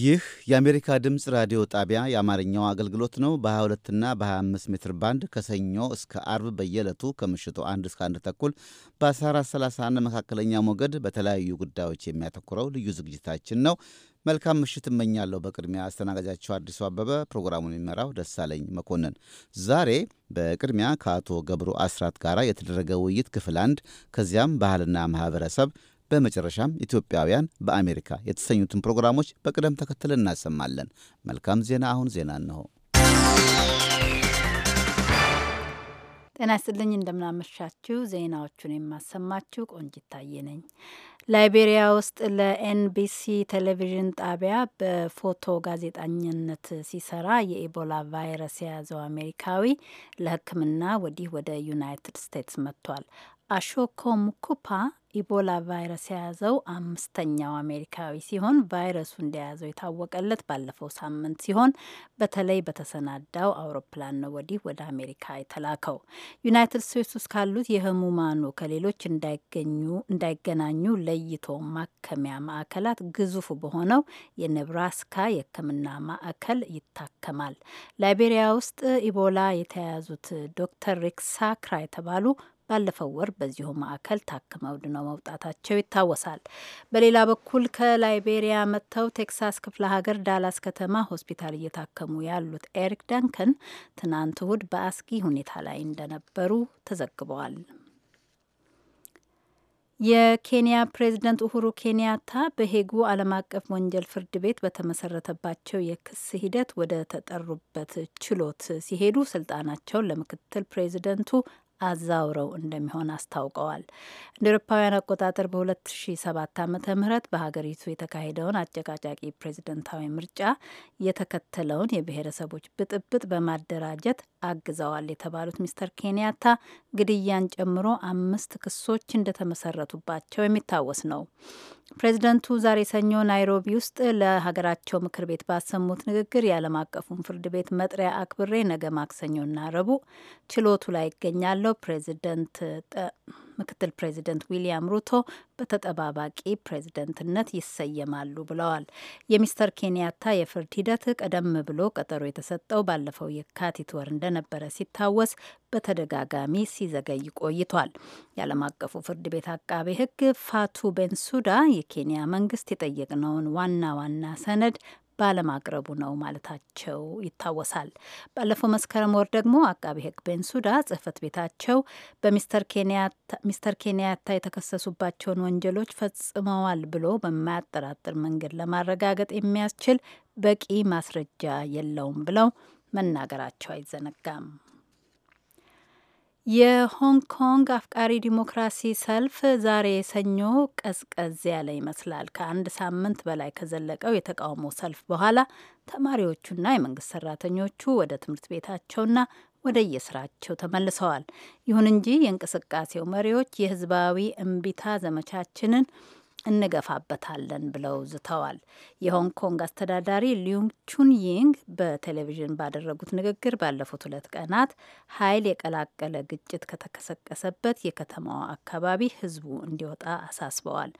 ይህ የአሜሪካ ድምፅ ራዲዮ ጣቢያ የአማርኛው አገልግሎት ነው። በ22 እና በ25 ሜትር ባንድ ከሰኞ እስከ አርብ በየዕለቱ ከምሽቱ 1 እስከ 1 ተኩል በ1431 መካከለኛ ሞገድ በተለያዩ ጉዳዮች የሚያተኩረው ልዩ ዝግጅታችን ነው። መልካም ምሽት እመኛለሁ። በቅድሚያ አስተናጋጃቸው አዲሱ አበበ፣ ፕሮግራሙን የሚመራው ደሳለኝ መኮንን። ዛሬ በቅድሚያ ከአቶ ገብሩ አስራት ጋር የተደረገ ውይይት ክፍል አንድ፣ ከዚያም ባህልና ማህበረሰብ፣ በመጨረሻም ኢትዮጵያውያን በአሜሪካ የተሰኙትን ፕሮግራሞች በቅደም ተከተል እናሰማለን። መልካም ዜና። አሁን ዜና እንሆ ጤና ይስጥልኝ እንደምናመሻችሁ። ዜናዎቹን የማሰማችሁ ቆንጂት ታዬ ነኝ። ላይቤሪያ ውስጥ ለኤንቢሲ ቴሌቪዥን ጣቢያ በፎቶ ጋዜጠኝነት ሲሰራ የኢቦላ ቫይረስ የያዘው አሜሪካዊ ለሕክምና ወዲህ ወደ ዩናይትድ ስቴትስ መጥቷል። አሾኮ ሙኩፓ ኢቦላ ቫይረስ የያዘው አምስተኛው አሜሪካዊ ሲሆን ቫይረሱ እንደያዘው የታወቀለት ባለፈው ሳምንት ሲሆን በተለይ በተሰናዳው አውሮፕላን ነው ወዲህ ወደ አሜሪካ የተላከው። ዩናይትድ ስቴትስ ውስጥ ካሉት የህሙማኑ ከሌሎች እንዳይገናኙ ለይቶ ማከሚያ ማዕከላት ግዙፍ በሆነው የኔብራስካ የህክምና ማዕከል ይታከማል። ላይቤሪያ ውስጥ ኢቦላ የተያዙት ዶክተር ሪክሳክራ የተባሉ ባለፈው ወር በዚሁ ማዕከል ታክመው ድነው መውጣታቸው ይታወሳል። በሌላ በኩል ከላይቤሪያ መጥተው ቴክሳስ ክፍለ ሀገር ዳላስ ከተማ ሆስፒታል እየታከሙ ያሉት ኤሪክ ዳንከን ትናንት እሁድ በአስጊ ሁኔታ ላይ እንደነበሩ ተዘግበዋል። የኬንያ ፕሬዝደንት ኡሁሩ ኬንያታ በሄጉ ዓለም አቀፍ ወንጀል ፍርድ ቤት በተመሰረተባቸው የክስ ሂደት ወደ ተጠሩበት ችሎት ሲሄዱ ስልጣናቸውን ለምክትል ፕሬዝደንቱ አዛውረው እንደሚሆን አስታውቀዋል። እንደ ኤሮፓውያን አቆጣጠር በ2007 ዓ ም በሀገሪቱ የተካሄደውን አጨቃጫቂ ፕሬዝደንታዊ ምርጫ የተከተለውን የብሔረሰቦች ብጥብጥ በማደራጀት አግዘዋል የተባሉት ሚስተር ኬንያታ ግድያን ጨምሮ አምስት ክሶች እንደተመሰረቱባቸው የሚታወስ ነው። ፕሬዚደንቱ ዛሬ ሰኞ ናይሮቢ ውስጥ ለሀገራቸው ምክር ቤት ባሰሙት ንግግር የዓለም አቀፉን ፍርድ ቤት መጥሪያ አክብሬ ነገ ማክሰኞና ረቡዕ ችሎቱ ላይ ይገኛለሁ ፕሬዚደንት ምክትል ፕሬዚደንት ዊሊያም ሩቶ በተጠባባቂ ፕሬዚደንትነት ይሰየማሉ ብለዋል። የሚስተር ኬንያታ የፍርድ ሂደት ቀደም ብሎ ቀጠሮ የተሰጠው ባለፈው የካቲት ወር እንደነበረ ሲታወስ በተደጋጋሚ ሲዘገይ ቆይቷል። የዓለም አቀፉ ፍርድ ቤት አቃቤ ሕግ ፋቱ ቤንሱዳ የኬንያ መንግስት የጠየቅነውን ዋና ዋና ሰነድ ባለማቅረቡ ነው ማለታቸው ይታወሳል። ባለፈው መስከረም ወር ደግሞ አቃቢ ሕግ ቤንሱዳ ጽህፈት ቤታቸው በሚስተር ኬንያታ የተከሰሱባቸውን ወንጀሎች ፈጽመዋል ብሎ በማያጠራጥር መንገድ ለማረጋገጥ የሚያስችል በቂ ማስረጃ የለውም ብለው መናገራቸው አይዘነጋም። የሆንግ ኮንግ አፍቃሪ ዲሞክራሲ ሰልፍ ዛሬ ሰኞ ቀዝቀዝ ያለ ይመስላል። ከአንድ ሳምንት በላይ ከዘለቀው የተቃውሞ ሰልፍ በኋላ ተማሪዎቹና የመንግስት ሰራተኞቹ ወደ ትምህርት ቤታቸውና ወደ የስራቸው ተመልሰዋል። ይሁን እንጂ የእንቅስቃሴው መሪዎች የህዝባዊ እምቢታ ዘመቻችንን እንገፋበታለን ብለው ዝተዋል። የሆንግ ኮንግ አስተዳዳሪ ሊዩንግ ቹንይንግ በቴሌቪዥን ባደረጉት ንግግር ባለፉት ሁለት ቀናት ኃይል የቀላቀለ ግጭት ከተቀሰቀሰበት የከተማዋ አካባቢ ህዝቡ እንዲወጣ አሳስበዋል።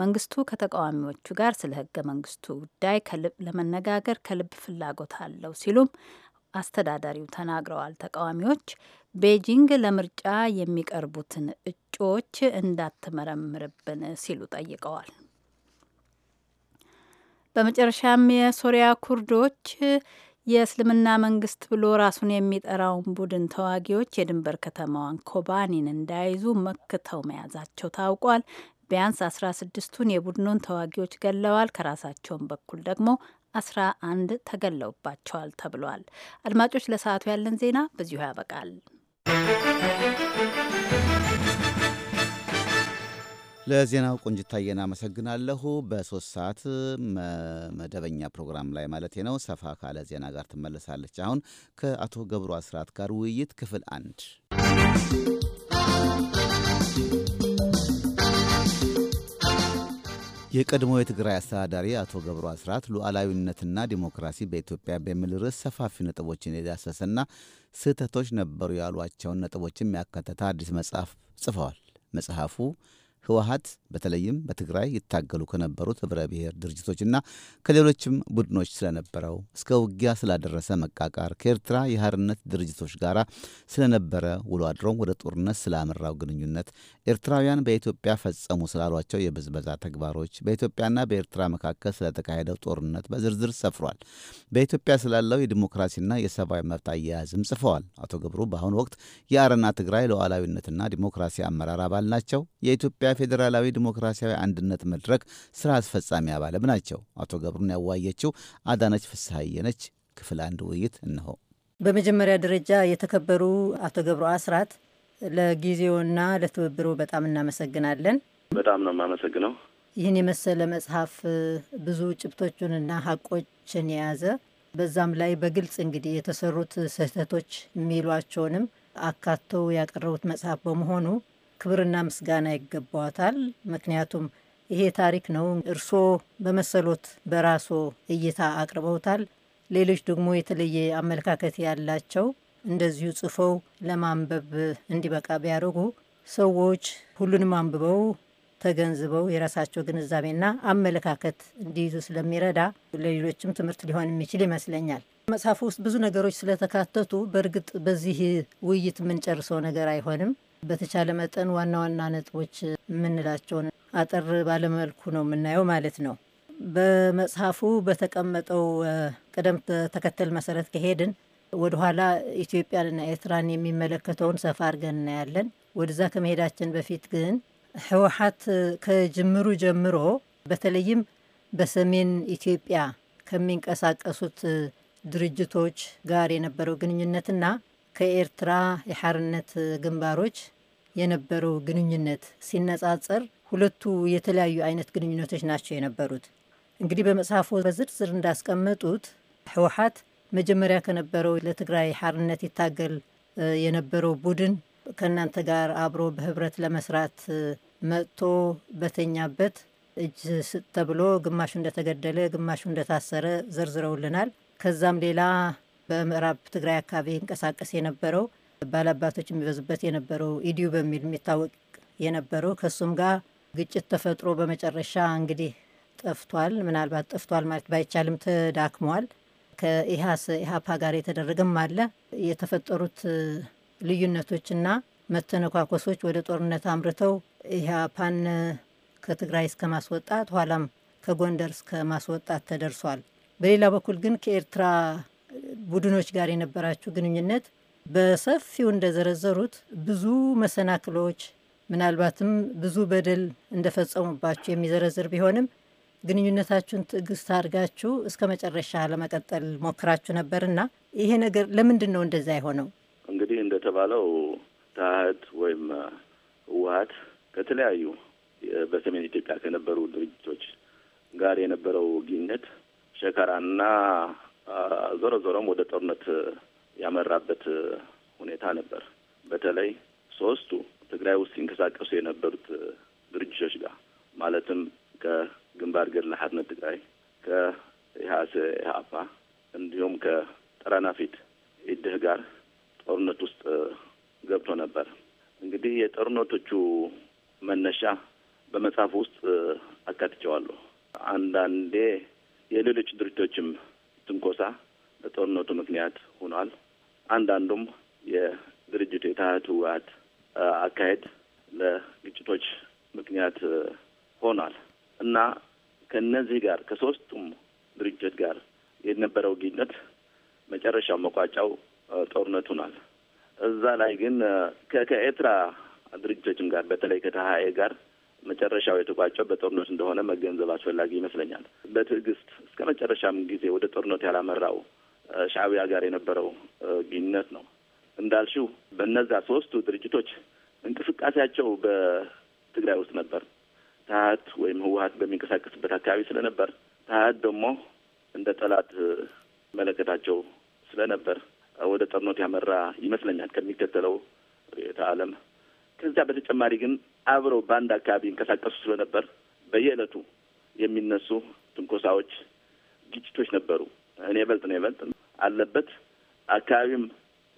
መንግስቱ ከተቃዋሚዎቹ ጋር ስለ ህገ መንግስቱ ጉዳይ ለመነጋገር ከልብ ፍላጎት አለው ሲሉም አስተዳዳሪው ተናግረዋል። ተቃዋሚዎች ቤጂንግ ለምርጫ የሚቀርቡትን እጩዎች እንዳትመረምርብን ሲሉ ጠይቀዋል። በመጨረሻም የሶሪያ ኩርዶች የእስልምና መንግስት ብሎ ራሱን የሚጠራውን ቡድን ተዋጊዎች የድንበር ከተማዋን ኮባኒን እንዳይዙ መክተው መያዛቸው ታውቋል። ቢያንስ አስራ ስድስቱን የቡድኑን ተዋጊዎች ገለዋል። ከራሳቸውን በኩል ደግሞ 11 ተገለውባቸዋል ተብሏል። አድማጮች ለሰዓቱ ያለን ዜና በዚሁ ያበቃል። ለዜናው ቆንጅታየን አመሰግናለሁ። በሶስት ሰዓት መደበኛ ፕሮግራም ላይ ማለት ነው ሰፋ ካለ ዜና ጋር ትመለሳለች። አሁን ከአቶ ገብሩ አስራት ጋር ውይይት ክፍል አንድ የቀድሞ የትግራይ አስተዳዳሪ አቶ ገብሩ አስራት ሉዓላዊነትና ዲሞክራሲ በኢትዮጵያ በሚል ርዕስ ሰፋፊ ነጥቦችን የዳሰሰና ስህተቶች ነበሩ ያሏቸውን ነጥቦችም ያካተተ አዲስ መጽሐፍ ጽፈዋል። መጽሐፉ ህወሀት በተለይም በትግራይ ይታገሉ ከነበሩት ኅብረ ብሔር ድርጅቶችና ከሌሎችም ቡድኖች ስለነበረው እስከ ውጊያ ስላደረሰ መቃቃር ከኤርትራ የሀርነት ድርጅቶች ጋር ስለነበረ ውሎ አድሮም ወደ ጦርነት ስላመራው ግንኙነት ኤርትራውያን በኢትዮጵያ ፈጸሙ ስላሏቸው የብዝበዛ ተግባሮች በኢትዮጵያና በኤርትራ መካከል ስለተካሄደው ጦርነት በዝርዝር ሰፍሯል። በኢትዮጵያ ስላለው የዲሞክራሲና የሰብአዊ መብት አያያዝም ጽፈዋል። አቶ ገብሩ በአሁኑ ወቅት የአረና ትግራይ ሉዓላዊነትና ዲሞክራሲ አመራር አባል ናቸው። የኢትዮጵያ የኢትዮጵያ ፌዴራላዊ ዲሞክራሲያዊ አንድነት መድረክ ስራ አስፈጻሚ አባልም ናቸው። አቶ ገብሩን ያዋየችው አዳነች ፍስሐዬ ነች። ክፍል አንድ ውይይት እንሆ። በመጀመሪያ ደረጃ የተከበሩ አቶ ገብሩ አስራት ለጊዜውና ለትብብሮ በጣም እናመሰግናለን። በጣም ነው የማመሰግነው። ይህን የመሰለ መጽሐፍ ብዙ ጭብቶቹንና ሀቆችን የያዘ በዛም ላይ በግልጽ እንግዲህ የተሰሩት ስህተቶች የሚሏቸውንም አካተው ያቀረቡት መጽሐፍ በመሆኑ ክብርና ምስጋና ይገባዋታል። ምክንያቱም ይሄ ታሪክ ነው። እርሶ በመሰሎት በራሶ እይታ አቅርበውታል። ሌሎች ደግሞ የተለየ አመለካከት ያላቸው እንደዚሁ ጽፈው ለማንበብ እንዲበቃ ቢያደርጉ ሰዎች ሁሉንም አንብበው ተገንዝበው የራሳቸው ግንዛቤና አመለካከት እንዲይዙ ስለሚረዳ ለሌሎችም ትምህርት ሊሆን የሚችል ይመስለኛል። መጽሐፉ ውስጥ ብዙ ነገሮች ስለተካተቱ በእርግጥ በዚህ ውይይት የምንጨርሰው ነገር አይሆንም። በተቻለ መጠን ዋና ዋና ነጥቦች የምንላቸውን አጠር ባለመልኩ ነው የምናየው ማለት ነው። በመጽሐፉ በተቀመጠው ቅደም ተከተል መሰረት ከሄድን ወደኋላ ኢትዮጵያንና ኤርትራን የሚመለከተውን ሰፋ አድርገን እናያለን። ወደዛ ከመሄዳችን በፊት ግን ህወሓት ከጅምሩ ጀምሮ በተለይም በሰሜን ኢትዮጵያ ከሚንቀሳቀሱት ድርጅቶች ጋር የነበረው ግንኙነትና ከኤርትራ የሐርነት ግንባሮች የነበረው ግንኙነት ሲነጻጸር ሁለቱ የተለያዩ አይነት ግንኙነቶች ናቸው የነበሩት። እንግዲህ በመጽሐፉ በዝርዝር እንዳስቀመጡት ህወሓት መጀመሪያ ከነበረው ለትግራይ ሐርነት ይታገል የነበረው ቡድን ከእናንተ ጋር አብሮ በህብረት ለመስራት መጥቶ በተኛበት እጅ ተብሎ ግማሹ እንደተገደለ፣ ግማሹ እንደታሰረ ዘርዝረውልናል። ከዛም ሌላ በምዕራብ ትግራይ አካባቢ ይንቀሳቀስ የነበረው ባላባቶች የሚበዙበት የነበረው ኢዲዩ በሚል የሚታወቅ የነበረው ከሱም ጋር ግጭት ተፈጥሮ በመጨረሻ እንግዲህ ጠፍቷል። ምናልባት ጠፍቷል ማለት ባይቻልም ተዳክሟል። ከኢሃስ ኢሃፓ ጋር የተደረገም አለ። የተፈጠሩት ልዩነቶችና መተነኳኮሶች ወደ ጦርነት አምርተው ኢሃፓን ከትግራይ እስከ ማስወጣት ኋላም ከጎንደር እስከ ማስወጣት ተደርሷል። በሌላ በኩል ግን ከኤርትራ ቡድኖች ጋር የነበራችሁ ግንኙነት በሰፊው እንደዘረዘሩት ብዙ መሰናክሎች ምናልባትም ብዙ በደል እንደፈጸሙባችሁ የሚዘረዝር ቢሆንም ግንኙነታችሁን ትዕግስት አድርጋችሁ እስከ መጨረሻ ለመቀጠል ሞክራችሁ ነበርና ይሄ ነገር ለምንድን ነው እንደዛ የሆነው? እንግዲህ እንደተባለው ታህት ወይም ህወሀት ከተለያዩ በሰሜን ኢትዮጵያ ከነበሩ ድርጅቶች ጋር የነበረው ግንኙነት ሸከራና ዞረ ዞረም ወደ ጦርነት ያመራበት ሁኔታ ነበር። በተለይ ከኤርትራ ድርጅቶችም ጋር በተለይ ከተሀኤ ጋር መጨረሻው የተቋጨው በጦርነት እንደሆነ መገንዘብ አስፈላጊ ይመስለኛል። በትዕግስት እስከ መጨረሻም ጊዜ ወደ ጦርነት ያላመራው ሻቢያ ጋር የነበረው ግንኙነት ነው። እንዳልሽው በነዛ ሶስቱ ድርጅቶች እንቅስቃሴያቸው በትግራይ ውስጥ ነበር። ታሀት ወይም ህወሀት በሚንቀሳቀስበት አካባቢ ስለነበር ታሀት ደግሞ እንደ ጠላት መለከታቸው ስለነበር ወደ ጦርነት ያመራ ይመስለኛል ከሚከተለው ርዕዮተ ዓለም። ከዚያ በተጨማሪ ግን አብረው በአንድ አካባቢ ይንቀሳቀሱ ስለነበር በየዕለቱ የሚነሱ ትንኮሳዎች፣ ግጭቶች ነበሩ። እኔ በልጥ ነው የበልጥ አለበት አካባቢም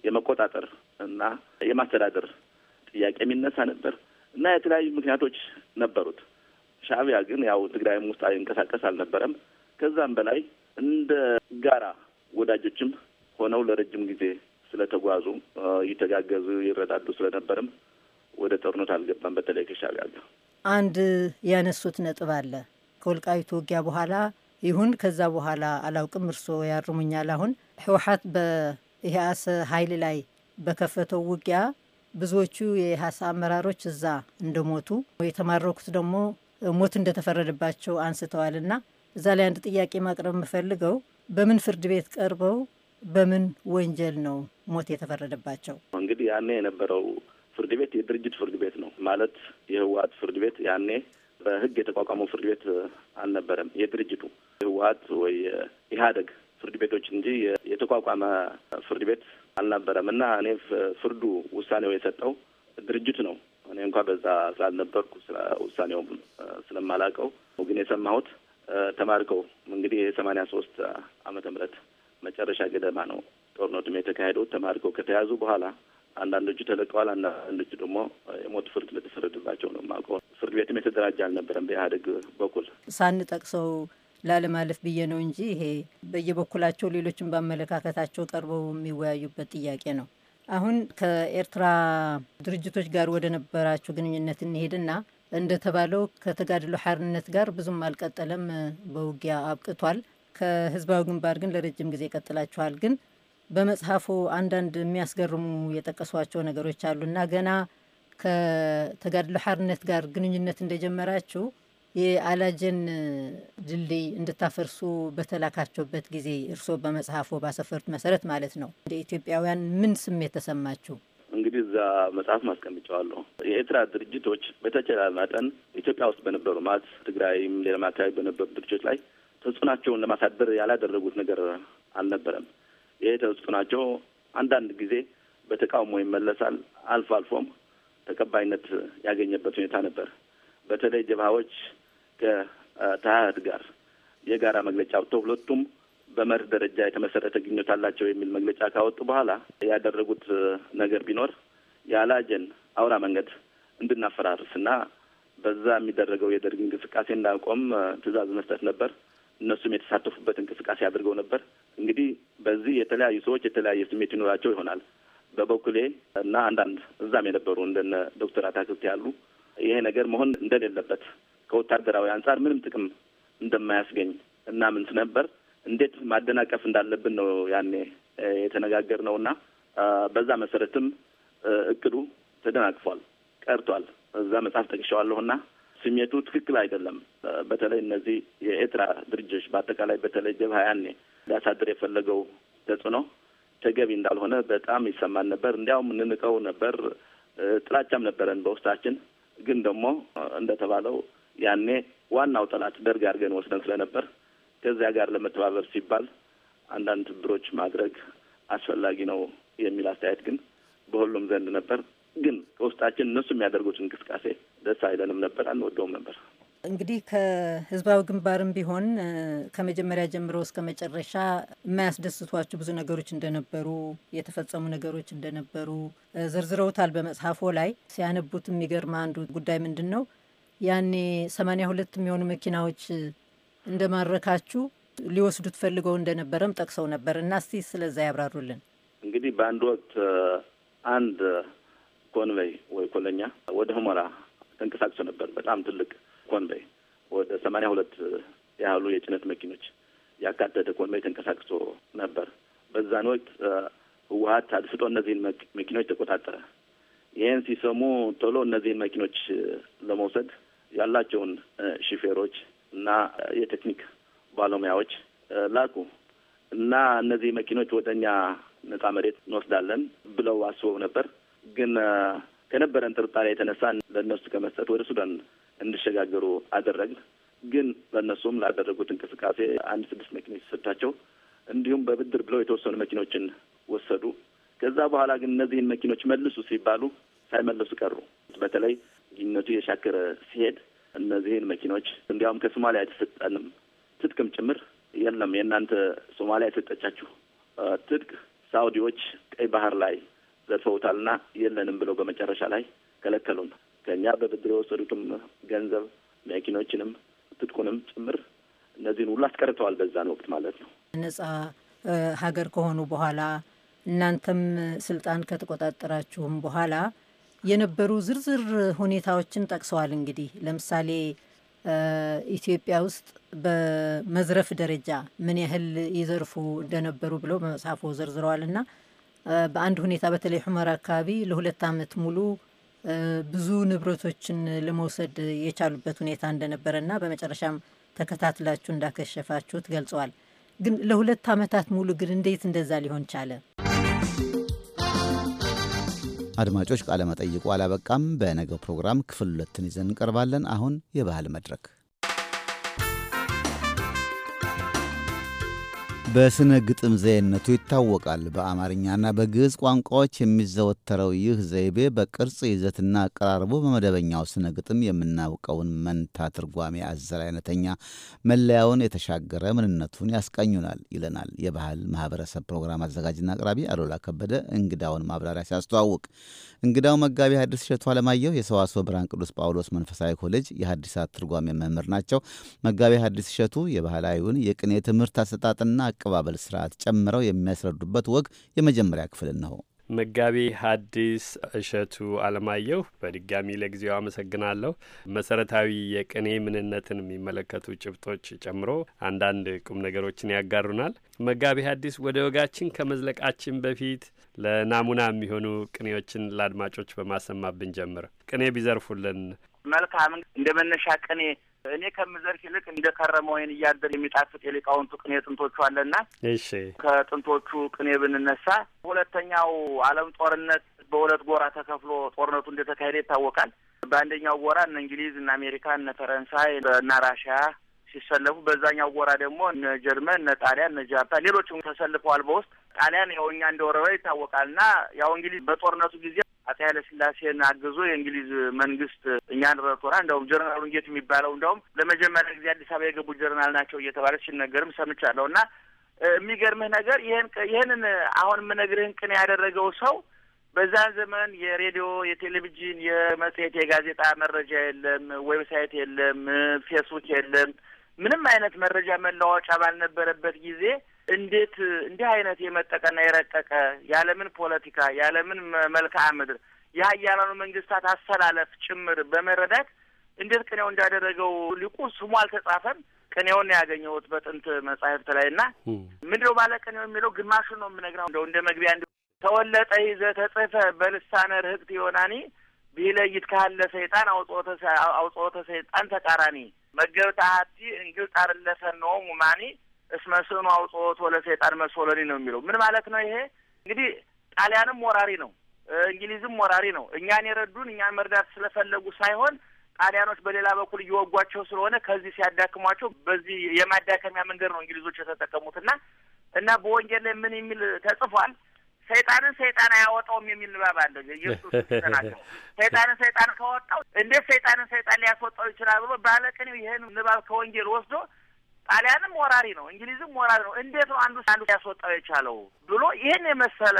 የመቆጣጠር እና የማስተዳደር ጥያቄ የሚነሳ ነበር እና የተለያዩ ምክንያቶች ነበሩት። ሻቢያ ግን ያው ትግራይም ውስጥ ይንቀሳቀስ አልነበረም። ከዛም በላይ እንደ ጋራ ወዳጆችም ሆነው ለረጅም ጊዜ ስለተጓዙ ይተጋገዙ፣ ይረዳዱ ስለነበርም ወደ ጦርነት አልገባም። በተለይ ከሻዕቢያ ጋር አንድ ያነሱት ነጥብ አለ። ከወልቃይቱ ውጊያ በኋላ ይሁን ከዛ በኋላ አላውቅም፣ እርስዎ ያርሙኛል። አሁን ህወሓት በኢህአስ ኃይል ላይ በከፈተው ውጊያ ብዙዎቹ የኢህአስ አመራሮች እዛ እንደሞቱ የተማረኩት ደግሞ ሞት እንደተፈረደባቸው አንስተዋል። እና እዛ ላይ አንድ ጥያቄ ማቅረብ የምፈልገው በምን ፍርድ ቤት ቀርበው በምን ወንጀል ነው ሞት የተፈረደባቸው? እንግዲህ ያኔ የነበረው ፍርድ ቤት የድርጅት ፍርድ ቤት ነው ማለት የህወሀት ፍርድ ቤት ያኔ በህግ የተቋቋመው ፍርድ ቤት አልነበረም። የድርጅቱ የህወሀት ወይ ኢህአደግ ፍርድ ቤቶች እንጂ የተቋቋመ ፍርድ ቤት አልነበረም እና እኔ ፍርዱ ውሳኔው የሰጠው ድርጅት ነው። እኔ እንኳ በዛ ስላልነበርኩ ውሳኔው ስለማላውቀው ግን የሰማሁት ተማርከው እንግዲህ የሰማንያ ሶስት አመተ ምህረት መጨረሻ ገደማ ነው ጦርነቱ የተካሄደው። ተማርከው ከተያዙ በኋላ አንዳንዶቹ ተለቀዋል። አንዳንዶቹ ደግሞ የሞት ፍርድ ለተፈረደባቸው ነው የማውቀው። ፍርድ ቤትም የተደራጀ አልነበረም በኢህአዴግ በኩል ሳንጠቅሰው ላለማለፍ ብዬ ነው እንጂ ይሄ በየበኩላቸው ሌሎችን በአመለካከታቸው ቀርበው የሚወያዩበት ጥያቄ ነው። አሁን ከኤርትራ ድርጅቶች ጋር ወደ ነበራችሁ ግንኙነት እንሄድና እንደተባለው ከተጋድሎ ሓርነት ጋር ብዙም አልቀጠለም፣ በውጊያ አብቅቷል። ከህዝባዊ ግንባር ግን ለረጅም ጊዜ ቀጥላችኋል። ግን በመጽሐፉ አንዳንድ የሚያስገርሙ የጠቀሷቸው ነገሮች እና ገና ከተጋድሎ ሓርነት ጋር ግንኙነት እንደጀመራችሁ የአላጀን ድልድይ እንድታፈርሱ በተላካቸውበት ጊዜ እርስዎ በመጽሐፎ ባሰፈሩት መሰረት ማለት ነው እንደ ኢትዮጵያውያን ምን ስሜት ተሰማችሁ? እንግዲህ እዛ መጽሐፍ ማስቀምጫዋለሁ። የኤርትራ ድርጅቶች በተቻለ መጠን ኢትዮጵያ ውስጥ በነበሩ ማለት ትግራይም ሌላም አካባቢ በነበሩ ድርጅቶች ላይ ተጽዕናቸውን ለማሳደር ያላደረጉት ነገር አልነበረም። ይሄ ተጽዕናቸው አንዳንድ ጊዜ በተቃውሞ ይመለሳል፣ አልፎ አልፎም ተቀባይነት ያገኘበት ሁኔታ ነበር። በተለይ ጀብሃዎች ከተህድ ጋር የጋራ መግለጫ አውጥተው ሁለቱም በመርህ ደረጃ የተመሰረተ ግንኙነት አላቸው የሚል መግለጫ ካወጡ በኋላ ያደረጉት ነገር ቢኖር ያላጀን አውራ መንገድ እንድናፈራርስ በዛ የሚደረገው የደርግ እንቅስቃሴ እንዳቆም ትዕዛዝ መስጠት ነበር። እነሱም የተሳተፉበት እንቅስቃሴ አድርገው ነበር። እንግዲህ በዚህ የተለያዩ ሰዎች የተለያየ ስሜት ይኖራቸው ይሆናል። በበኩሌ እና አንዳንድ እዛም የነበሩ እንደነ ዶክተር አታክልት ያሉ ይሄ ነገር መሆን እንደሌለበት ከወታደራዊ አንጻር ምንም ጥቅም እንደማያስገኝ እናምንት ነበር። እንዴት ማደናቀፍ እንዳለብን ነው ያኔ የተነጋገር ነው እና በዛ መሰረትም እቅዱ ተደናቅፏል ቀርቷል። እዛ መጽሐፍ ጠቅሸዋለሁና ስሜቱ ትክክል አይደለም። በተለይ እነዚህ የኤርትራ ድርጅቶች በአጠቃላይ በተለይ ጀብ ሀያኔ ሊያሳድር የፈለገው ተጽዕኖ ተገቢ እንዳልሆነ በጣም ይሰማን ነበር። እንዲያውም እንንቀው ነበር፣ ጥላቻም ነበረን በውስጣችን። ግን ደግሞ እንደተባለው ያኔ ዋናው ጠላት ደርግ አድርገን ወስደን ስለነበር ከዚያ ጋር ለመተባበር ሲባል አንዳንድ ትብብሮች ማድረግ አስፈላጊ ነው የሚል አስተያየት ግን በሁሉም ዘንድ ነበር። ግን ከውስጣችን እነሱ የሚያደርጉት እንቅስቃሴ ደስ አይለንም ነበር፣ አንወደውም ነበር። እንግዲህ ከህዝባዊ ግንባርም ቢሆን ከመጀመሪያ ጀምሮ እስከ መጨረሻ የማያስደስቷችሁ ብዙ ነገሮች እንደነበሩ፣ የተፈጸሙ ነገሮች እንደነበሩ ዘርዝረውታል በመጽሐፎ ላይ ሲያነቡት። የሚገርም አንዱ ጉዳይ ምንድን ነው ያኔ ሰማንያ ሁለት የሚሆኑ መኪናዎች እንደማረካችሁ ሊወስዱት ፈልገው እንደነበረም ጠቅሰው ነበር እና እስቲ ስለዛ ያብራሩልን። እንግዲህ በአንድ ወቅት አንድ ኮንቬይ ወይ ኮለኛ ወደ ሁመራ ተንቀሳቅሶ ነበር። በጣም ትልቅ ኮንቬይ ወደ ሰማንያ ሁለት ያህሉ የጭነት መኪኖች ያካተተ ኮንቬይ ተንቀሳቅሶ ነበር። በዛን ወቅት ህወሀት አድፍጦ እነዚህን መኪኖች ተቆጣጠረ። ይህን ሲሰሙ ቶሎ እነዚህን መኪኖች ለመውሰድ ያላቸውን ሹፌሮች እና የቴክኒክ ባለሙያዎች ላኩ እና እነዚህ መኪኖች ወደ እኛ ነጻ መሬት እንወስዳለን ብለው አስበው ነበር ግን ከነበረን ጥርጣሬ የተነሳ ለእነሱ ከመስጠት ወደ ሱዳን እንዲሸጋገሩ አደረግ። ግን በእነሱም ላደረጉት እንቅስቃሴ አንድ ስድስት መኪኖች ሰጥታቸው እንዲሁም በብድር ብለው የተወሰኑ መኪኖችን ወሰዱ። ከዛ በኋላ ግን እነዚህን መኪኖች መልሱ ሲባሉ ሳይመለሱ ቀሩ። በተለይ ግንኙነቱ የሻከረ ሲሄድ እነዚህን መኪኖች እንዲያውም ከሶማሊያ የተሰጠንም ትጥቅም ጭምር የለም፣ የእናንተ ሶማሊያ የሰጠቻችሁ ትጥቅ ሳውዲዎች ቀይ ባህር ላይ ዘርፈውታልና የለንም ብለው በመጨረሻ ላይ ከለከሉን። ከእኛ በብድር የወሰዱትም ገንዘብ መኪኖችንም ትጥቁንም ጭምር እነዚህን ሁሉ አስቀርተዋል። በዛን ወቅት ማለት ነው ነጻ ሀገር ከሆኑ በኋላ እናንተም ስልጣን ከተቆጣጠራችሁም በኋላ የነበሩ ዝርዝር ሁኔታዎችን ጠቅሰዋል። እንግዲህ ለምሳሌ ኢትዮጵያ ውስጥ በመዝረፍ ደረጃ ምን ያህል ይዘርፉ እንደነበሩ ብለው በመጽሐፎ ዘርዝረዋል እና በአንድ ሁኔታ በተለይ ሑመራ አካባቢ ለሁለት ዓመት ሙሉ ብዙ ንብረቶችን ለመውሰድ የቻሉበት ሁኔታ እንደነበረና በመጨረሻም ተከታትላችሁ እንዳከሸፋችሁት ገልጸዋል። ግን ለሁለት ዓመታት ሙሉ ግን እንዴት እንደዛ ሊሆን ቻለ? አድማጮች ቃለ መጠይቁ አላበቃም። በነገው ፕሮግራም ክፍል ሁለትን ይዘን እንቀርባለን። አሁን የባህል መድረክ በስነ ግጥም ዘይነቱ ይታወቃል። በአማርኛና በግዕዝ ቋንቋዎች የሚዘወተረው ይህ ዘይቤ በቅርጽ ይዘትና አቀራርቦ በመደበኛው ስነ ግጥም የምናውቀውን መንታ ትርጓሜ አዘል አይነተኛ መለያውን የተሻገረ ምንነቱን ያስቀኙናል ይለናል የባህል ማህበረሰብ ፕሮግራም አዘጋጅና አቅራቢ አሉላ ከበደ እንግዳውን ማብራሪያ ሲያስተዋውቅ። እንግዳው መጋቢ ሐዲስ እሸቱ አለማየሁ የሰዋስወ ብርሃን ቅዱስ ጳውሎስ መንፈሳዊ ኮሌጅ የሐዲሳት ትርጓሜ መምህር ናቸው። መጋቢ ሐዲስ እሸቱ የባህላዊውን የቅኔ ትምህርት አሰጣጥና አቀባበል ስርዓት ጨምረው የሚያስረዱበት ወግ የመጀመሪያ ክፍል ነው። መጋቢ ሐዲስ እሸቱ አለማየሁ በድጋሚ ለጊዜው አመሰግናለሁ። መሰረታዊ የቅኔ ምንነትን የሚመለከቱ ጭብጦች ጨምሮ አንዳንድ ቁም ነገሮችን ያጋሩናል። መጋቢ ሐዲስ ወደ ወጋችን ከመዝለቃችን በፊት ለናሙና የሚሆኑ ቅኔዎችን ለአድማጮች በማሰማት ብንጀምር። ቅኔ ቢዘርፉልን መልካም እንደ መነሻ ቅኔ እኔ ከምዘርፍ ይልቅ እንደ ከረመ ወይን እያደር የሚጣፍጥ የሊቃውንቱ ቅኔ ጥንቶቹ አለና እሺ፣ ከጥንቶቹ ቅኔ ብንነሳ ሁለተኛው ዓለም ጦርነት በሁለት ጎራ ተከፍሎ ጦርነቱ እንደተካሄደ ይታወቃል። በአንደኛው ጎራ እነ እንግሊዝ፣ እነ አሜሪካ፣ እነ ፈረንሳይ እና ራሽያ ሲሰለፉ፣ በዛኛው ጎራ ደግሞ እነ ጀርመን፣ እነ ጣሊያን፣ እነ ጃፓን ሌሎችም ተሰልፈዋል። በውስጥ ጣሊያን ያው እኛ እንደወረረ ይታወቃል እና ያው እንግሊዝ በጦርነቱ ጊዜ አጼ ኃይለ ስላሴን አግዞ የእንግሊዝ መንግስት እኛን ረቶራ እንደውም ጀነራሉ እንጌት የሚባለው እንደውም ለመጀመሪያ ጊዜ አዲስ አበባ የገቡ ጀነራል ናቸው እየተባለ ሲነገርም ሰምቻለሁ። እና የሚገርምህ ነገር ይህን ይህንን አሁን የምነግርህን ቅን ያደረገው ሰው በዛን ዘመን የሬዲዮ፣ የቴሌቪዥን፣ የመጽሔት፣ የጋዜጣ መረጃ የለም፣ ዌብሳይት የለም፣ ፌስቡክ የለም፣ ምንም አይነት መረጃ መለዋወጫ ባልነበረበት ጊዜ እንዴት እንዲህ አይነት የመጠቀና የረቀቀ ያለምን ፖለቲካ ያለምን መልክዓ ምድር የሀያላኑ መንግስታት አሰላለፍ ጭምር በመረዳት እንዴት ቅኔው እንዳደረገው ሊቁ ስሙ አልተጻፈም። ቅኔውን ነው ያገኘሁት በጥንት መጻሕፍት ላይ እና ምንድነው ባለ ቅኔው የሚለው ግማሹን ነው የምነግረው። እንደው እንደ መግቢያ እንዲ ተወለጠ ይዘ ተጽፈ በልሳነ ርህቅት ይሆናኒ ቢለይት ካለ ሰይጣን አውጽኦተ ሰይጣን ተቃራኒ መገብታ ሀቲ እንግል ጣርለፈ ነው ሙማኒ እስመ ስዕኑ አውጽኦት ወለሰይጣን መስሎኒ ነው የሚለው። ምን ማለት ነው ይሄ? እንግዲህ ጣሊያንም ወራሪ ነው፣ እንግሊዝም ወራሪ ነው። እኛን የረዱን እኛን መርዳት ስለፈለጉ ሳይሆን ጣሊያኖች በሌላ በኩል እየወጓቸው ስለሆነ ከዚህ ሲያዳክሟቸው በዚህ የማዳከሚያ መንገድ ነው እንግሊዞች የተጠቀሙት እና እና በወንጌል ላይ ምን የሚል ተጽፏል? ሰይጣንን ሰይጣን አያወጣውም የሚል ንባብ አለ። ኢየሱስ ሰይጣንን ሰይጣን ካወጣው እንዴት ሰይጣንን ሰይጣን ሊያስወጣው ይችላል ብሎ ባለቅኔው ይህን ንባብ ከወንጌል ወስዶ ጣሊያንም ወራሪ ነው፣ እንግሊዝም ወራሪ ነው። እንዴት ነው አንዱ አንዱ ያስወጣው የቻለው ብሎ ይህን የመሰለ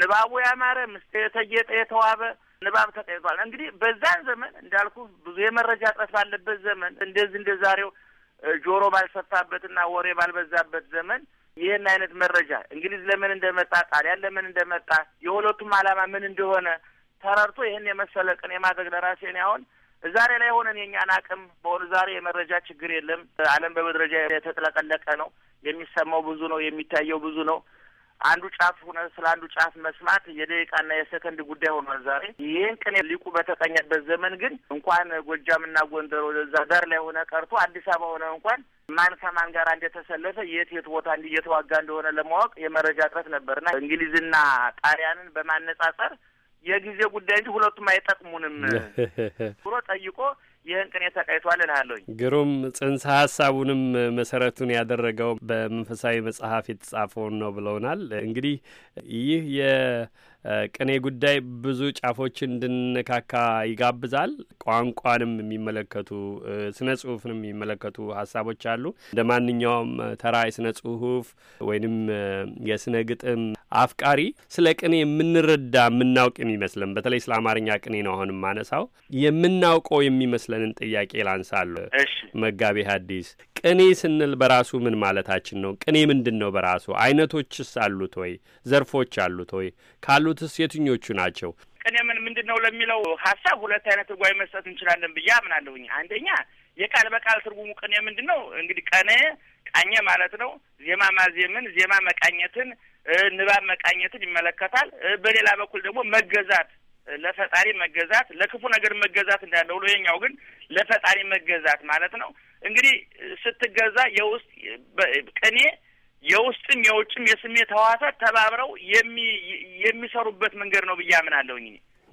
ንባቡ ያማረ ምስ የተጌጠ የተዋበ ንባብ ተጠይቷል። እንግዲህ በዛን ዘመን እንዳልኩ ብዙ የመረጃ እጥረት ባለበት ዘመን እንደዚህ እንደ ዛሬው ጆሮ ባልሰፋበትና ወሬ ባልበዛበት ዘመን ይህን አይነት መረጃ እንግሊዝ ለምን እንደመጣ ጣሊያን ለምን እንደመጣ የሁለቱም ዓላማ ምን እንደሆነ ተረድቶ ይህን የመሰለ ቅኔ ማድረግ ለራሴ እኔ አሁን ዛሬ ላይ ሆነን የእኛን አቅም በሆኑ ዛሬ የመረጃ ችግር የለም። ዓለም በመረጃ የተጥለቀለቀ ነው። የሚሰማው ብዙ ነው። የሚታየው ብዙ ነው። አንዱ ጫፍ ሆነ ስለ አንዱ ጫፍ መስማት የደቂቃና የሰከንድ ጉዳይ ሆኗል ዛሬ። ይህን ቅኔ ሊቁ በተቀኘበት ዘመን ግን እንኳን ጎጃምና ጎንደር ወደዛ ዳር ላይ ሆነ ቀርቶ አዲስ አበባ ሆነ እንኳን ማን ከማን ጋር እንደተሰለፈ የት የት ቦታ እየተዋጋ እንደሆነ ለማወቅ የመረጃ እጥረት ነበርና እንግሊዝና ጣሊያንን በማነጻጸር የጊዜ ጉዳይ እንጂ ሁለቱም አይጠቅሙንም ብሎ ጠይቆ ይህን ቅኔ ተቃይቷል እልሃለሁኝ። ግሩም ጽንሰ ሀሳቡንም መሰረቱን ያደረገው በመንፈሳዊ መጽሐፍ የተጻፈውን ነው ብለውናል። እንግዲህ ይህ የቅኔ ጉዳይ ብዙ ጫፎችን እንድንነካካ ይጋብዛል። ቋንቋንም የሚመለከቱ ስነ ጽሁፍንም የሚመለከቱ ሀሳቦች አሉ። እንደ ማንኛውም ተራ የስነ ጽሁፍ ወይንም የስነ ግጥም አፍቃሪ ስለ ቅኔ የምንረዳ የምናውቅ የሚመስለን በተለይ ስለ አማርኛ ቅኔ ነው አሁን ማነሳው የምናውቀው የሚመስለንን ጥያቄ ላንሳሉ። መጋቤ ሐዲስ ቅኔ ስንል በራሱ ምን ማለታችን ነው? ቅኔ ምንድን ነው በራሱ? አይነቶችስ አሉት ወይ? ዘርፎች አሉት ወይ? ካሉትስ የትኞቹ ናቸው? ቅኔ ምን ምንድን ነው ለሚለው ሀሳብ ሁለት አይነት ትርጓሜ መስጠት እንችላለን ብዬ አምናለሁኝ። አንደኛ የቃል በቃል ትርጉሙ ቅኔ ምንድን ነው እንግዲህ ቀኔ ቃኘ ማለት ነው። ዜማ ማዜምን፣ ዜማ መቃኘትን ንባብ መቃኘትን ይመለከታል። በሌላ በኩል ደግሞ መገዛት ለፈጣሪ መገዛት ለክፉ ነገር መገዛት እንዳለ ብሎ የኛው ግን ለፈጣሪ መገዛት ማለት ነው። እንግዲህ ስትገዛ የውስጥ ቅኔ የውስጥም የውጭም የስሜት ህዋሳት ተባብረው የሚ የሚሰሩበት መንገድ ነው ብዬ አምናለሁ። እኔ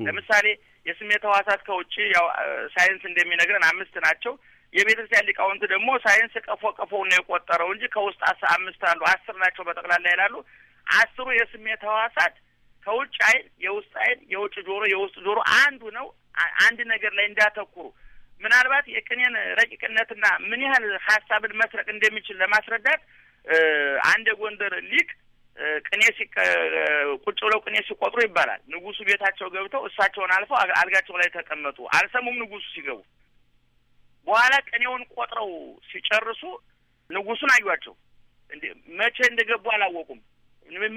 ለምሳሌ የስሜት ህዋሳት ከውጭ ያው ሳይንስ እንደሚነግረን አምስት ናቸው። የቤተክርስቲያን ሊቃውንት ደግሞ ሳይንስ ቀፎ ቀፎ ነው የቆጠረው እንጂ ከውስጥ አስ አምስት አሉ አስር ናቸው በጠቅላላ ይላሉ። አስሩ የስሜት ህዋሳት ከውጭ አይን፣ የውስጥ አይን፣ የውጭ ጆሮ፣ የውስጥ ጆሮ አንዱ ነው። አንድ ነገር ላይ እንዳተኩሩ ምናልባት የቅኔን ረቂቅነትና ምን ያህል ሀሳብን መስረቅ እንደሚችል ለማስረዳት አንድ የጎንደር ሊቅ ቅኔ ቁጭ ብለው ቅኔ ሲቆጥሩ ይባላል። ንጉሱ ቤታቸው ገብተው እሳቸውን አልፈው አልጋቸው ላይ ተቀመጡ። አልሰሙም ንጉሱ ሲገቡ። በኋላ ቅኔውን ቆጥረው ሲጨርሱ ንጉሱን አዩቸው። መቼ እንደገቡ አላወቁም።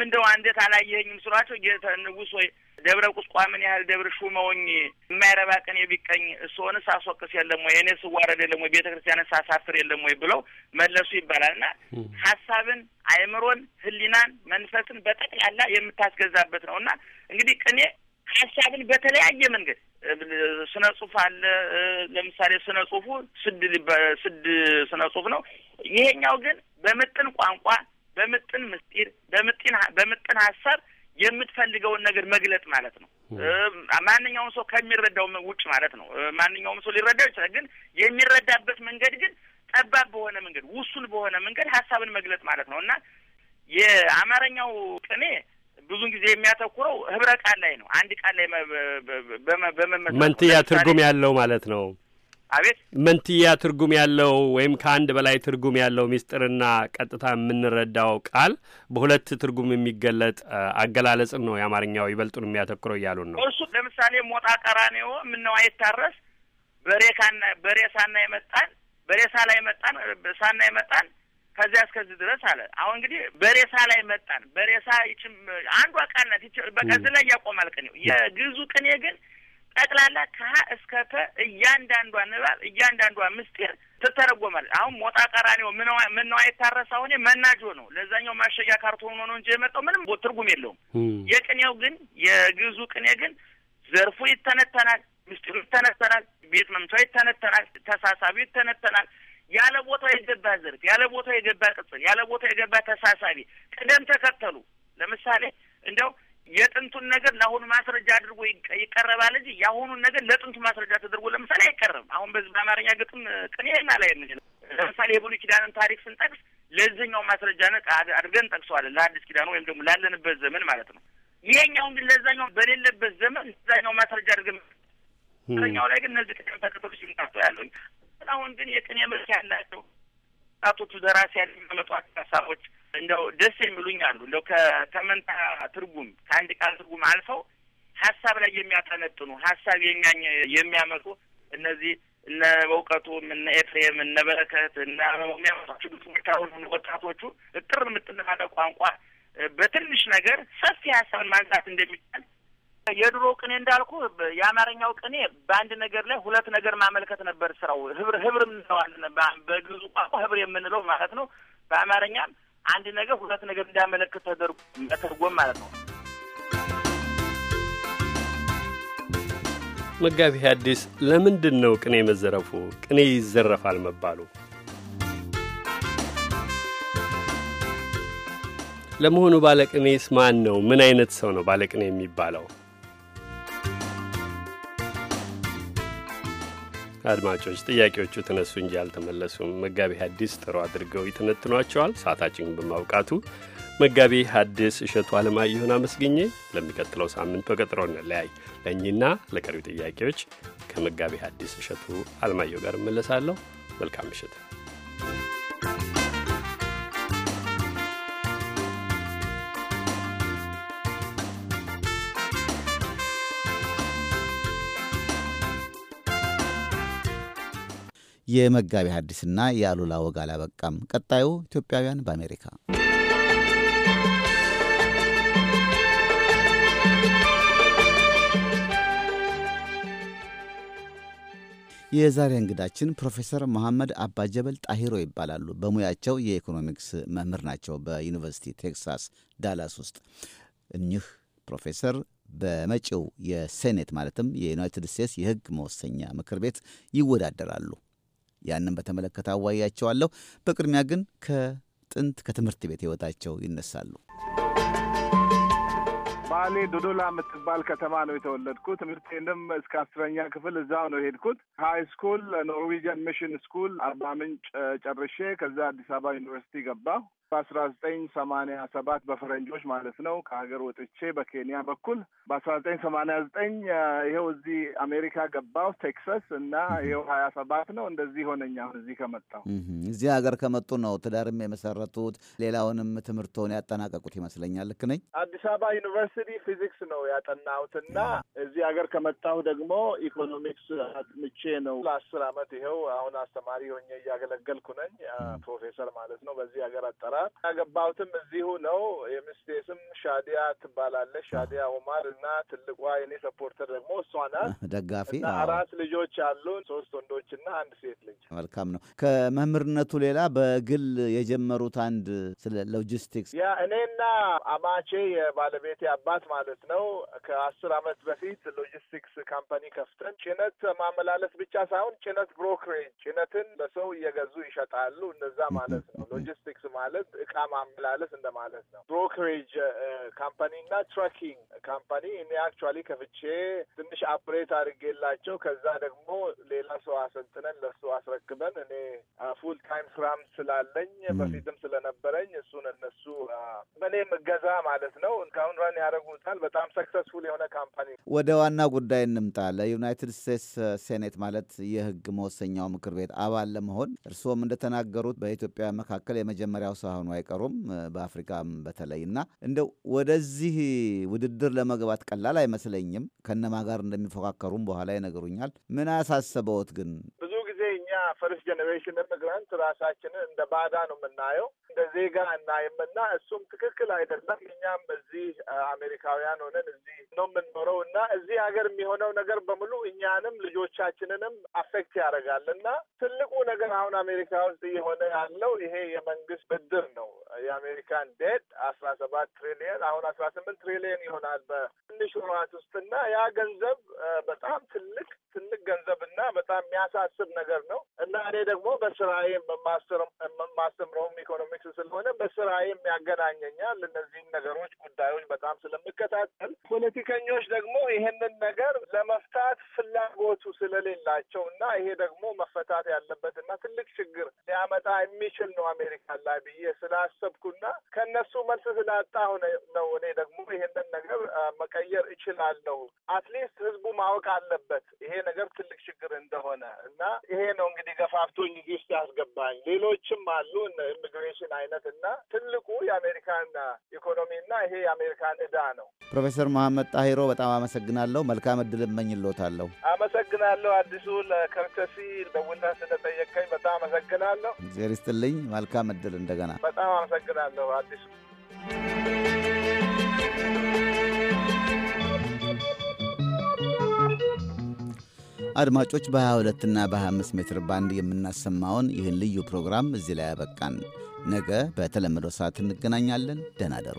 እንደው አንዴት አላየኸኝም ስሏቸው ጌተ ንጉሥ ወይ ደብረ ቁስቋ ምን ያህል ደብር ሹመውኝ የማይረባ ቀን የቢቀኝ እስሆን ሳስወቅስ የለም ወይ እኔ ስዋረድ የለም ወይ ቤተ ክርስቲያንን ሳሳፍር የለም ወይ ብለው መለሱ ይባላል እና ሀሳብን፣ አእምሮን፣ ህሊናን፣ መንፈስን በጠቅላላ የምታስገዛበት ነው እና እንግዲህ ቅኔ ሀሳብን በተለያየ መንገድ ስነ ጽሁፍ አለ። ለምሳሌ ስነ ጽሁፉ ስድ ስድ ስነ ጽሁፍ ነው። ይሄኛው ግን በምጥን ቋንቋ በምጥን ምስጢር በምጥን በምጥን ሀሳብ የምትፈልገውን ነገር መግለጥ ማለት ነው። ማንኛውም ሰው ከሚረዳው ውጭ ማለት ነው። ማንኛውም ሰው ሊረዳው ይችላል። ግን የሚረዳበት መንገድ ግን ጠባብ በሆነ መንገድ፣ ውሱን በሆነ መንገድ ሀሳብን መግለጥ ማለት ነው እና የአማርኛው ቅኔ ብዙን ጊዜ የሚያተኩረው ህብረ ቃል ላይ ነው። አንድ ቃል ላይ በመመ መንትያ ትርጉም ያለው ማለት ነው። አቤት መንትያ ትርጉም ያለው ወይም ከአንድ በላይ ትርጉም ያለው ሚስጥርና ቀጥታ የምንረዳው ቃል በሁለት ትርጉም የሚገለጥ አገላለጽን ነው የአማርኛው ይበልጡን የሚያተኩረው እያሉን ነው። እሱ ለምሳሌ ሞጣ ቀራኔዎ ምነው አይታረስ በሬ ካና በሬ ሳና የመጣን በሬሳ ላይ መጣን ሳና ይመጣል ከዚያ እስከዚህ ድረስ አለ። አሁን እንግዲህ በሬሳ ላይ መጣን በሬሳ ይችም አንዷ ቃል ናት። በቀዝ ላይ ያቆማል ቅኔው የግዙ ቅኔ ግን ጠቅላላ ከሀ እስከ ተ እያንዳንዷ ንባብ እያንዳንዷ ምስጢር ትተረጎማል። አሁን ሞጣ ቀራኔው ምነዋ የታረሰ እኔ መናጆ ነው። ለዛኛው ማሸጊያ ካርቶን ሆኖ እንጂ የመጣው ምንም ትርጉም የለውም። የቅኔው ግን የግዙ ቅኔ ግን ዘርፉ ይተነተናል፣ ምስጢሩ ይተነተናል፣ ቤት መምቻ ይተነተናል፣ ተሳሳቢው ይተነተናል። ያለ ቦታ የገባ ዘርፍ፣ ያለ ቦታ የገባ ቅጽል፣ ያለ ቦታ የገባ ተሳሳቢ ቅደም ተከተሉ ለምሳሌ እንደው የጥንቱን ነገር ለአሁኑ ማስረጃ አድርጎ ይቀረባል እንጂ የአሁኑን ነገር ለጥንቱ ማስረጃ ተደርጎ ለምሳሌ አይቀርም። አሁን በዚህ በአማርኛ ግጥም ቅኔ ና ላይ የምንችል ለምሳሌ የብሉይ ኪዳንን ታሪክ ስንጠቅስ ለዚህኛው ማስረጃ ነቅ አድርገን ጠቅሰዋለን፣ ለአዲስ ኪዳን ወይም ደግሞ ላለንበት ዘመን ማለት ነው። ይሄኛውን ግን ለዛኛው በሌለበት ዘመን ለዛኛው ማስረጃ አድርገን ኛው ላይ ግን እነዚህ ቅደም ተከተሎች ሲምታቶ ያለኝ አሁን ግን የቅኔ መልክ ያላቸው ጣቶቹ ደራሲ ያለ የሚመጡ ሀሳቦች እንደው ደስ የሚሉኝ አሉ። እንደው ከተመንታ ትርጉም ከአንድ ቃል ትርጉም አልፈው ሀሳብ ላይ የሚያጠነጥኑ ሀሳብ የሚያኝ የሚያመጡ እነዚህ እነ በእውቀቱም እነ ኤፍሬም እነ በረከት እነ የሚያመጣቸው ብዙ ወጣቶቹ እጥር ምጥን ቋንቋ በትንሽ ነገር ሰፊ ሀሳብን ማንሳት እንደሚቻል የድሮ ቅኔ እንዳልኩ የአማርኛው ቅኔ በአንድ ነገር ላይ ሁለት ነገር ማመልከት ነበር ስራው። ህብር ህብር እንለዋለን በግዙ ቋንቋ ህብር የምንለው ማለት ነው። በአማርኛም አንድ ነገር ሁለት ነገር እንዳመለክት ተደርጎ ማለት ነው። መጋቢ አዲስ ለምንድን ነው ቅኔ መዘረፉ? ቅኔ ይዘረፋል መባሉ ለመሆኑ ባለቅኔስ ማን ነው? ምን አይነት ሰው ነው ባለቅኔ የሚባለው? አድማጮች ጥያቄዎቹ ተነሱ እንጂ አልተመለሱም። መጋቢ ሐዲስ ጥሩ አድርገው ይተነትኗቸዋል። ሰዓታችን በማውቃቱ መጋቢ ሐዲስ እሸቱ አለማየሁን አመስግኜ ለሚቀጥለው ሳምንት በቀጠሮ እንለያይ። ለእኚህና ለቀሪው ጥያቄዎች ከመጋቢ ሐዲስ እሸቱ አለማየሁ ጋር እመለሳለሁ። መልካም ምሽት። የመጋቢ ሐዲስና የአሉላ ወግ አላበቃም። ቀጣዩ ኢትዮጵያውያን በአሜሪካ የዛሬ እንግዳችን ፕሮፌሰር መሐመድ አባጀበል ጣሂሮ ይባላሉ። በሙያቸው የኢኮኖሚክስ መምህር ናቸው በዩኒቨርሲቲ ቴክሳስ ዳላስ ውስጥ። እኚህ ፕሮፌሰር በመጪው የሴኔት ማለትም የዩናይትድ ስቴትስ የሕግ መወሰኛ ምክር ቤት ይወዳደራሉ። ያንን በተመለከተ አዋያቸዋለሁ። በቅድሚያ ግን ከጥንት ከትምህርት ቤት ህይወታቸው ይነሳሉ። ባሌ ዶዶላ የምትባል ከተማ ነው የተወለድኩት። ትምህርቴንም እስከ አስረኛ ክፍል እዛው ነው የሄድኩት። ሀይ ስኩል ኖርዌጂያን ሚሽን ስኩል አርባ ምንጭ ጨርሼ ከዛ አዲስ አበባ ዩኒቨርሲቲ ገባሁ። በአስራ ዘጠኝ ሰማንያ ሰባት በፈረንጆች ማለት ነው ከሀገር ወጥቼ በኬንያ በኩል በአስራ ዘጠኝ ሰማንያ ዘጠኝ ይኸው እዚህ አሜሪካ ገባሁ ቴክሳስ እና ይኸው ሀያ ሰባት ነው እንደዚህ ሆነኝ። አሁን እዚህ ከመጣሁ እዚህ ሀገር ከመጡ ነው ትዳርም የመሰረቱት ሌላውንም ትምህርቶን ያጠናቀቁት ይመስለኛል። ልክ ነኝ? አዲስ አበባ ዩኒቨርሲቲ ፊዚክስ ነው ያጠናሁት እና እዚህ ሀገር ከመጣሁ ደግሞ ኢኮኖሚክስ አጥንቼ ነው ለአስር አመት ይኸው አሁን አስተማሪ ሆኜ እያገለገልኩ ነኝ። ፕሮፌሰር ማለት ነው በዚህ ሀገር አጠራ ነበረ። ያገባሁትም እዚሁ ነው። የሚስቴ ስም ሻዲያ ትባላለች። ሻዲያ ኦማር እና ትልቋ የኔ ሰፖርተር ደግሞ እሷ ናት ደጋፊ። አራት ልጆች አሉ፣ ሶስት ወንዶች እና አንድ ሴት ልጅ። መልካም ነው። ከመምህርነቱ ሌላ በግል የጀመሩት አንድ ስለ ሎጂስቲክስ ያ እኔና አማቼ የባለቤቴ አባት ማለት ነው ከአስር አመት በፊት ሎጂስቲክስ ካምፓኒ ከፍተን ጭነት ማመላለስ ብቻ ሳይሆን ጭነት ብሮክሬጅ ጭነትን በሰው እየገዙ ይሸጣሉ። እነዛ ማለት ነው ሎጂስቲክስ ማለት ማለት እቃ ማመላለስ እንደማለት ነው። ብሮክሬጅ ካምፓኒ እና ትራኪንግ ካምፓኒ እኔ አክቹዋሊ ከፍቼ ትንሽ አፕሬት አድርጌላቸው ከዛ ደግሞ ሌላ ሰው አሰልጥነን ለሱ አስረክበን እኔ ፉል ታይም ስራም ስላለኝ በፊትም ስለነበረኝ እሱን እነሱ በእኔ እገዛ ማለት ነው እስካሁን ረን ያደረጉታል። በጣም ሰክሰስፉል የሆነ ካምፓኒ። ወደ ዋና ጉዳይ እንምጣ። ለዩናይትድ ስቴትስ ሴኔት ማለት የህግ መወሰኛው ምክር ቤት አባል ለመሆን እርስዎም እንደተናገሩት በኢትዮጵያ መካከል የመጀመሪያው ሰው ሳይሆኑ አይቀሩም በአፍሪካም በተለይ እና እንደው ወደዚህ ውድድር ለመግባት ቀላል አይመስለኝም። ከነማ ጋር እንደሚፎካከሩም በኋላ ይነግሩኛል። ምን አሳሰበዎት ግን? ፈርስት ጀኔሬሽን ኢሚግራንት ራሳችንን እንደ ባዳ ነው የምናየው፣ እንደ ዜጋ እናይምና እሱም ትክክል አይደለም። እኛም እዚህ አሜሪካውያን ሆነን እዚህ ነው የምንኖረው እና እዚህ ሀገር የሚሆነው ነገር በሙሉ እኛንም ልጆቻችንንም አፌክት ያደርጋል እና ትልቁ ነገር አሁን አሜሪካ ውስጥ እየሆነ ያለው ይሄ የመንግስት ብድር ነው። የአሜሪካን ዴት አስራ ሰባት ትሪሊየን አሁን አስራ ስምንት ትሪሊየን ይሆናል በትንሽ ወራት ውስጥና ያ ገንዘብ በጣም ትልቅ ትልቅ ገንዘብ እና በጣም የሚያሳስብ ነገር ነው። እና እኔ ደግሞ በስራዬ የማስተምረውም ኢኮኖሚክስ ስለሆነ በስራዬም ያገናኘኛል። እነዚህን ነገሮች ጉዳዮች በጣም ስለምከታተል ፖለቲከኞች ደግሞ ይሄንን ነገር ለመፍታት ፍላጎቱ ስለሌላቸው እና ይሄ ደግሞ መፈታት ያለበት እና ትልቅ ችግር ሊያመጣ የሚችል ነው አሜሪካ ላይ ብዬ ስላሰብኩና ከእነሱ መልስ ስላጣሁ ነው እኔ ደግሞ ይሄንን ነገር መቀየር እችላለሁ። አትሊስት ህዝቡ ማወቅ አለበት ይሄ ነገር ትልቅ ችግር እንደሆነ እና ይሄ ነው እንግዲህ ገፋፍቶኝ እዚህ ውስጥ ያስገባኝ። ሌሎችም አሉ ኢሚግሬሽን አይነት እና ትልቁ የአሜሪካን ኢኮኖሚ እና ይሄ የአሜሪካን እዳ ነው። ፕሮፌሰር መሐመድ ጣሂሮ በጣም አመሰግናለሁ። መልካም እድል እመኝልዎታለሁ። አመሰግናለሁ። አዲሱ ለከርተሲ ደውላ ስለጠየቀኝ በጣም አመሰግናለሁ። እግዚአብሔር ይስጥልኝ። መልካም እድል እንደገና። በጣም አመሰግናለሁ አዲሱ አድማጮች በ 22 እና በ25 ሜትር ባንድ የምናሰማውን ይህን ልዩ ፕሮግራም እዚህ ላይ ያበቃን። ነገ በተለመደው ሰዓት እንገናኛለን። ደህና ደሩ።